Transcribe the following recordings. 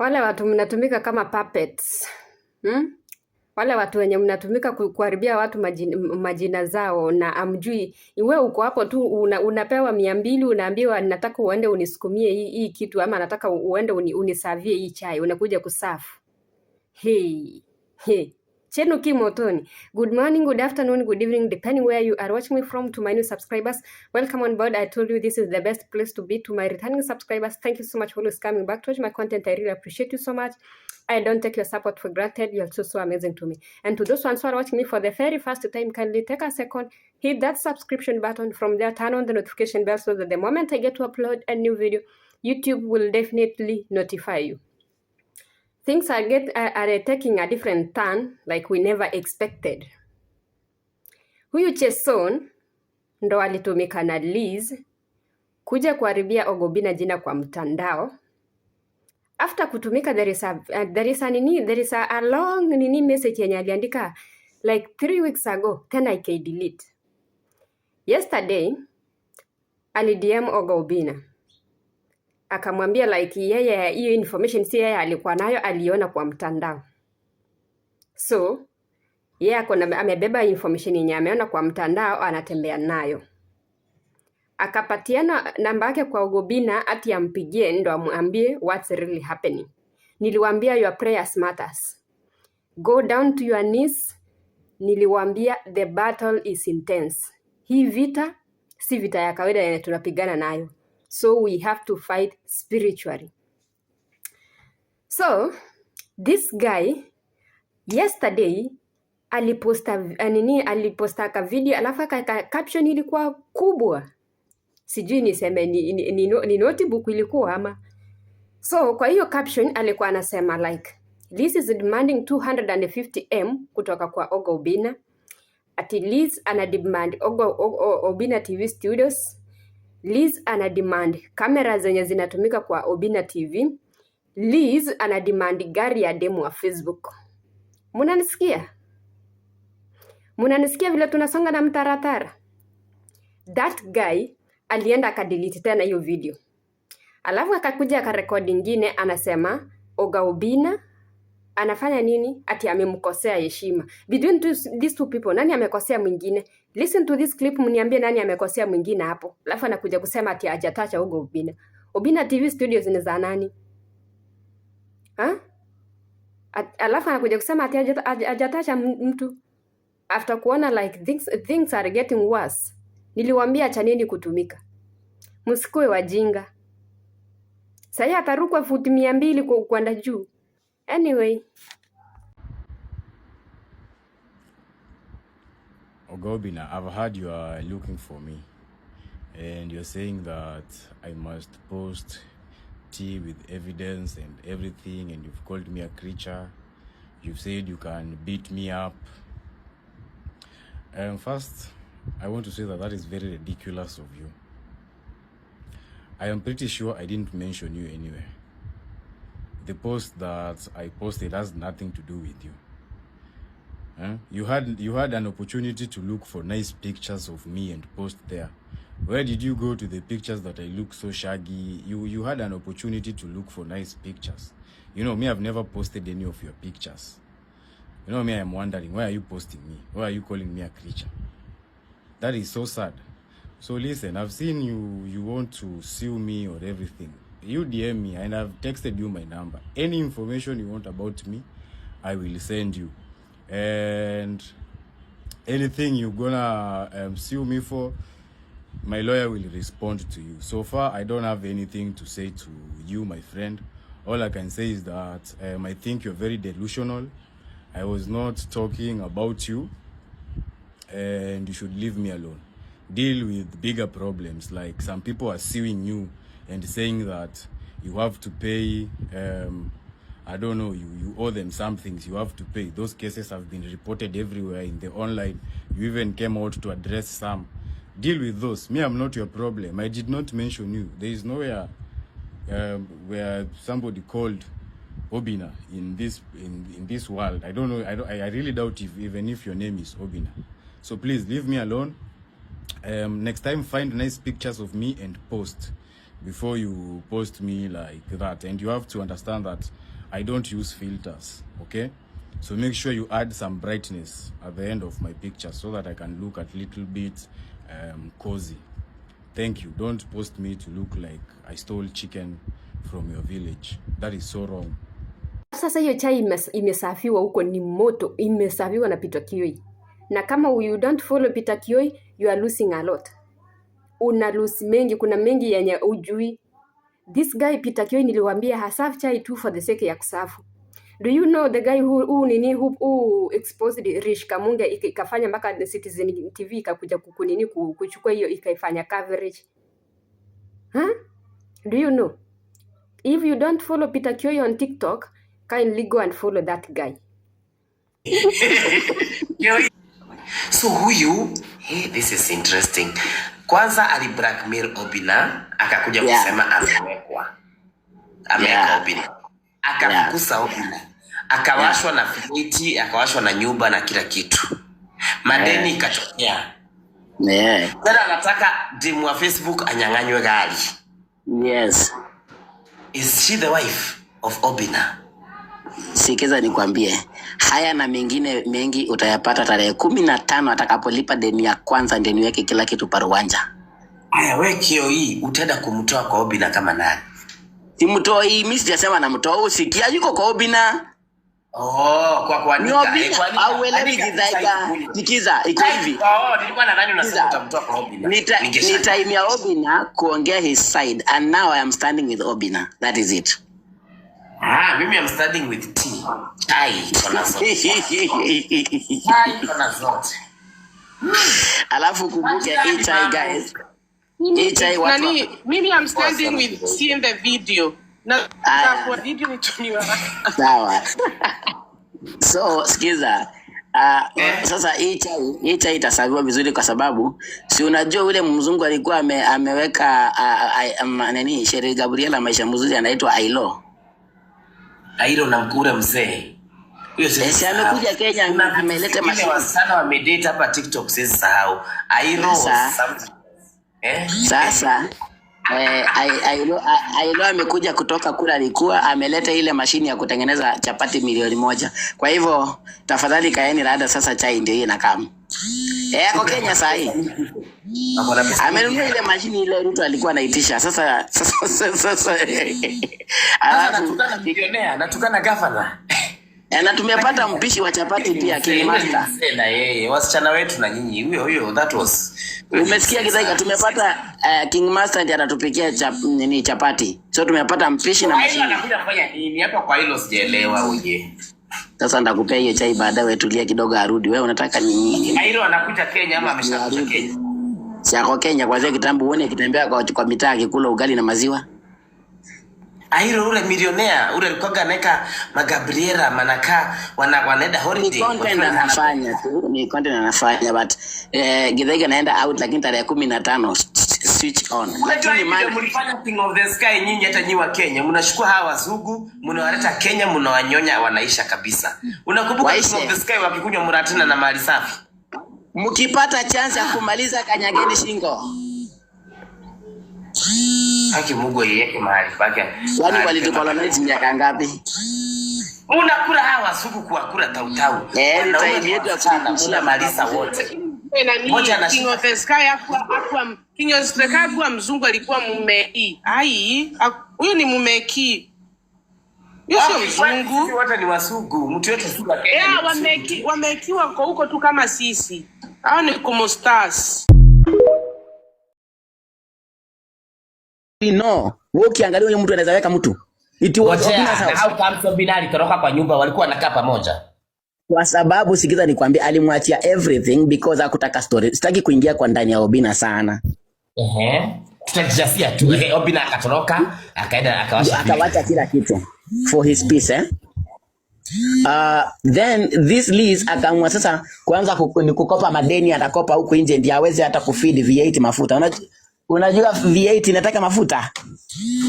Wale watu mnatumika kama puppets. Hmm? Wale watu wenye mnatumika kuharibia watu majina, majina zao na amjui iwe uko hapo tu una, unapewa mia mbili unaambiwa nataka uende unisukumie hii, hii kitu ama nataka uende unisavie hii chai unakuja kusafu. Hey. Hey. Chenu Kimotoni. Good morning, good afternoon, good evening, depending where you are watching me from. To my new subscribers, welcome on board. I told you this is the best place to be. To my returning subscribers, thank you so much for always coming back to watch my content. I really appreciate you so much. I don't take your support for granted. You're so, so amazing to me. And to those ones who are watching me for the very first time, kindly take a second, hit that subscription button. From there, turn on the notification bell so that the moment I get to upload a new video, YouTube will definitely notify you. things are, get, are, taking a different turn like we never expected. Huyu Cheson ndo alitumika na Liz kuja kuharibia Ogobina jina kwa mtandao after kutumika. There is a, uh, there is a nini, there is a, a long nini message yenye aliandika like three weeks ago, then i can delete yesterday. Ali DM Ogobina akamwambia like yeye hiyo information si yeye alikuwa nayo, aliona kwa mtandao. So yeye ako amebeba information yenye ameona kwa mtandao, anatembea nayo. Akapatiana namba yake kwa Ugobina ati ampigie ndo amwambie what's really happening. Niliwambia your prayers matters, go down to your knees. Niliwambia the battle is intense. Hii vita si vita ya kawaida yenye tunapigana nayo. So we have to fight spiritually. So this guy yesterday aliposta nini, ka video alafu caption ilikuwa kubwa, sijui niseme ni, ni, ni, ni notebook ilikuwa ama. So kwa hiyo caption alikuwa anasema like this is demanding 250m kutoka kwa Oga Obina. At least ana demand Oga Obina TV Studios Liz ana demand kamera zenye zinatumika kwa Obina TV. Liz ana demand gari ya demu wa Facebook. Munanisikia? Munanisikia vile tunasonga na mtaratara? That guy alienda akadelete tena hiyo video, alafu akakuja akarekodi ingine, anasema oga Obina anafanya nini ati amemkosea heshima? Between these two people, nani amekosea mwingine? Listen to this clip, mniambie nani amekosea mwingine hapo, alafu anakuja kusema ati hajatacha ugo ubina ubina TV studios ni za nani ha? Alafu anakuja kusema ati hajatacha mtu after kuona like things, things are getting worse. Niliwaambia nini kutumika, msikoe wajinga. Sasa atarukwa futi mia mbili kwa ukwanda juu Anyway. Ogobina, I've heard you are looking for me and you're saying that I must post tea with evidence and everything and you've called me a creature. You've said you can beat me up. And first, I want to say that that is very ridiculous of you. I am pretty sure I didn't mention you anywhere the post that I posted has nothing to do with you. Eh? You had you had an opportunity to look for nice pictures of me and post there. Where did you go to the pictures that I look so shaggy? You you had an opportunity to look for nice pictures. You know me, I've never posted any of your pictures. You know me, I'm wondering why are you posting me? Why are you calling me a creature? That is so sad. So listen, I've seen you you want to sue me or everything you DM me and I've texted you my number. Any information you want about me, I will send you. And anything you're gonna um, sue me for, my lawyer will respond to you. So far, I don't have anything to say to you, my friend. All I can say is that um, I think you're very delusional. I was not talking about you and you should leave me alone. Deal with bigger problems like some people are suing you and saying that you have to pay um, I don't know, you, you owe them some things, you have to pay. Those cases have been reported everywhere in the online. You even came out to address some. Deal with those. Me, I'm not your problem. I did not mention you. There is nowhere um, where somebody called Obina in this in, in this world. I don't know. I, don't, I really doubt if even if your name is Obina. So please leave me alone. Um, next time, find nice pictures of me and post. before you post me like that. And you have to understand that I don't use filters, okay? So make sure you add some brightness at the end of my picture so that I can look at little bit um, cozy. Thank you. Don't post me to look like I stole chicken from your village. That is so wrong. Sasa hiyo chai imesafiwa huko ni moto, imesafiwa na pitakioi Kioi. Na kama you don't follow pitakioi Kioi, you are losing a lot una lose mengi, kuna mengi yenye ujui. This guy Peter Kioi niliwaambia hasafi chai tu for the sake ya kusafu. Do you know the guy who, who nini who, who exposed Rich Kamunge ikafanya mpaka Citizen TV ikakuja kukunini kuchukua hiyo ikaifanya coverage. Huh? Do you know? If you don't follow Peter Kioi on TikTok, kindly go and follow that guy. so huyu, hey, this is interesting kwanza ali blackmail Obina akakuja yeah. kusema amewekwa ameweka yeah. Obina akamkusa yeah. Obina akawashwa yeah. na fiti akawashwa na nyumba na kila kitu madeni yeah. ikatokea yeah. yeah. tena anataka dimu wa Facebook anyang'anywe gari yes is she the wife of Obina Sikiza nikwambie, haya na mengine mengi utayapata tarehe kumi na tano atakapolipa deni ya kwanza, ndio niweke kila kitu paruwanja. haya we kio hii utaenda kumtoa kwa Obina kama nani? Simtoi mimi, sijasema namtoa. Usikia yuko kwa Obina. Oh, kwa kwa eh, ni Obina au elewi zidaiga. nikiza iko hivi. Oh, nilikuwa nadhani unasema utamtoa kwa Obina. Nita nitaimia Obina kuongea his side and now I am standing with Obina. That is it. Ah, mimi I'm studying with T. Tai kona zote. Tai kona zote. Alafu kumbuke hii chai guys. Hii tai watu. Nani, mimi I'm standing with T in the video. Na ah. kwa video ni tuniwa. Sawa. So, sikiza. Uh, eh. Sasa hii chai itasaviwa vizuri kwa sababu si unajua ule mzungu alikuwa ame, ameweka uh, uh, um, nani Sherehe Gabriela maisha mzuri anaitwa Ailo Airo na unamkura mzee huyo, eh, amekuja Kenya, na ameleta mashine sana, wamedate hapa TikTok, sisi sahau Airo eh, sasa Ailo eh, amekuja kutoka kula, alikuwa ameleta ile mashini ya kutengeneza chapati milioni moja. Kwa hivyo tafadhali kaeni rada sasa, chai ndio hii na kama Eh, yako Kenya saa hii amenunua ile mashini ile Ruto alikuwa anaitisha. Sasa sasa sasa. bilionea, anatukana gavana na tumepata mpishi wa chapati pia Na yeye, wasichana wetu na nyinyi. Huyo huyo that was umesikia Kizaika, tumepata uh, King Master ndiye anatupikia chap, nini chapati, so tumepata mpishi na mashini. Anakuja kufanya nini hapa? Kwa hilo sijaelewa uje. Sasa ndakupea hiyo chai baadaye, wewe tulia kidogo, arudi. Wewe unataka ni nini? Kairo anakuja Kenya ama ameshakuja Kenya? Si ako Kenya kwanza, kitambo uone kitembea kwa, kwa mitaa kikula ugali na maziwa. Airo ule milionea ule alikuwa anaweka magabriera manaka wana wanaenda holiday. Ni content anafanya tu, ni content anafanya but eh, Githaiga naenda out lakini tarehe 15 switch on. Lakini maana mlifanya thing of the sky nyinyi, hata nyinyi wa Kenya mnashukua hawa wazungu, mnawaleta Kenya, mnawanyonya, wanaisha kabisa. Unakumbuka thing of the sky wakikunywa muratina na mali safi, mkipata chance ya kumaliza kanyageni shingo Haki Mungu yeye mahali pake. Wani walikolonize miaka ngapi? Unakula hawa wazungu kuwakula tautau. Eh, time yetu ya kula malisa wote. King mzungu, alikuwa e. Ai, ni mumeki, sio ah, mzungu. ni wasugu, mtu huko tu kama sisi, au ni como No, ukiangalia huyo mtu anaweza weka mtu. It binari toroka kwa nyumba walikuwa wanakaa pamoja kwa sababu sikiza, nikwambia, alimwachia everything because akutaka story. Sitaki kuingia kwa ndani ya Obina sana. Ehe, tutajasia tu. Obina akatoroka akaenda akawacha akawacha kila kitu for his peace eh. Uh, then this lease akaamua sasa kuanza kukopa madeni, atakopa huku nje ndio aweze hata kufeed V8 mafuta. Una, unajua V8 inataka mafuta.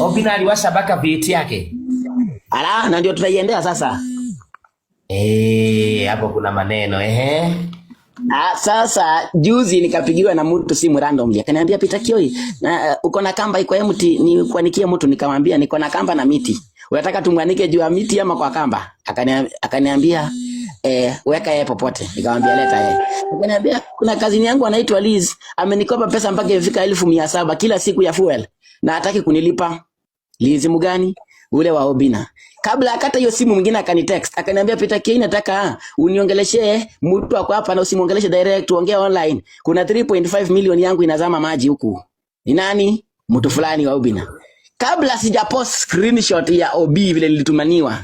Obina aliwasha baka V8 yake. Ala, na ndio tutaiendea sasa. Eh, hapo kuna maneno eh. Ah, sasa juzi nikapigiwa na mtu simu randomly. Akaniambia Peter Kioi, na uh, uko na kamba iko empty, ni kuanikie mtu nikamwambia niko na kamba na miti. Unataka tumwanike juu ya miti ama kwa kamba? Akaniambia eh, weka yeye popote. Nikamwambia leta yeye. Akaniambia kuna kazini yangu anaitwa Liz, amenikopa pesa mpaka ifika elfu mia saba kila siku ya fuel na hataki kunilipa. Liz mgani? Ule wa Obina. Kabla akata hiyo simu mwingine akanitext, akaniambia Peter K, nataka uniongeleshe mtu wako hapa na usimuongeleshe direct, ongea online. Kuna 3.5 milioni yangu inazama maji huku. Ni nani? Mtu fulani wa Ubina. Kabla sija post screenshot ya OB vile nilitumaniwa.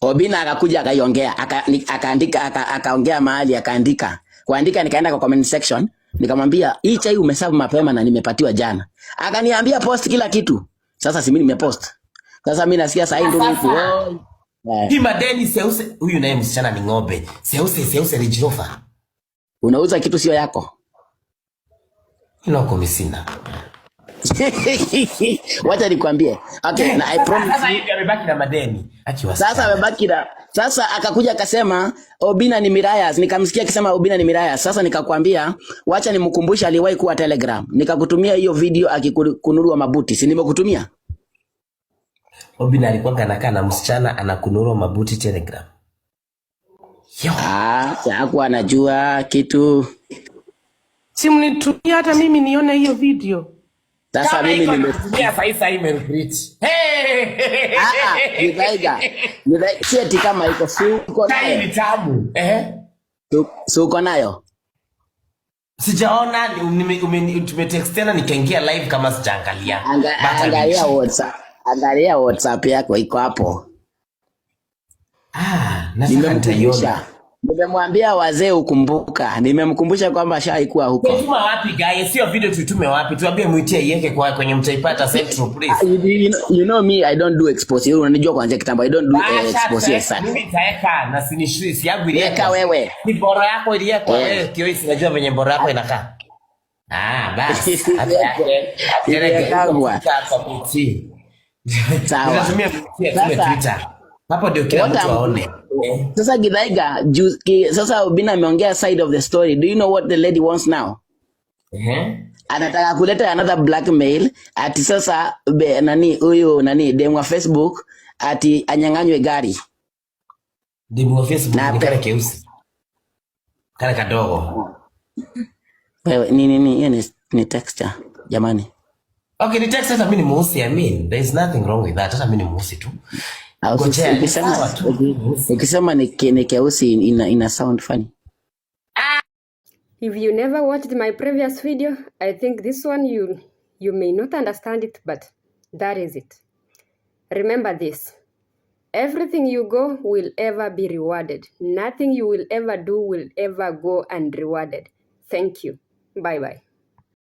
Obina akakuja akaiongea, akaandika aka akaongea aka mahali akaandika. Kuandika nikaenda kwa comment section, nikamwambia hii chai umesabu mapema na nimepatiwa jana. Akaniambia post kila kitu. Sasa si mimi nimepost. Sasa mimi nasikia sasa ndio oh. nipo. Eh. hii madeni seuse huyu naye msichana ni ng'ombe. Seuse seuse ni jirofa. Unauza kitu sio yako. Hilo komi sina. Wacha nikwambie. Okay, na I promise sasa hivi amebaki na madeni. Achiwa. Sasa amebaki na sasa akakuja akasema Obina ni miraya. Nikamsikia akisema Obina ni miraya. Sasa nikakwambia wacha nimkumbushe aliwahi kuwa Telegram. Nikakutumia hiyo video akikunurua mabuti. Si nimekutumia? Obin alikuwa anakaa na msichana anakunuru mabuti Telegram. Yo. Ah, Hakuwa anajua kitu. Si mnitumia hata mimi nione hiyo video. Sasa mimi nimetumia sasa Hey! Ah, ah, ni Ni imerudit. eti kama iko si suko nayo. Ni tamu. Eh? Si uko nayo. Sijaona, tumetextana nikaingia live kama sijaangalia. Angalia WhatsApp. Angalia WhatsApp yako iko hapo. Ah, nimemkumbusha. Nimemwambia wazee ukumbuka. Nimemkumbusha kwamba shaikuwa huko. Tuma wapi guys? Sio video tuitume wapi? Tuambie muitie yeke kwa kwenye mtaipata central please. Ah, you, you, know, you know me I don't do expose. Wewe unanijua kwanza kitambo. I don't do uh, expose yes sana. Mimi taeka na sinishii si yangu ile. Yeka wewe. Ni bora yako ile yako eh. wewe kioi najua venye bora yako inakaa. Ah, basi. Hata yake. Yeye kangwa. Sasa Githaiga, sasa ameongea side of the story. Do you know what the lady wants now? Anataka kuleta another blackmail ati sasa be, nani huyu nani demu wa Facebook ati anyang'anywe gari. Demu wa Facebook ni kale keusi. Kale kadogo. Wewe ni nini hiyo ni, ni texture jamani. Okay, ni text hata mimi ni mweusi. I mean, there is nothing wrong with that. Hata mimi ni mweusi tu. Ah, ukisema ni keusi ina, ina sound funny. If you never watched my previous video, I think this one you you may not understand it, but that is it. Remember this. Everything you go will ever be rewarded. Nothing you will ever do will ever go unrewarded. Thank you. Bye bye.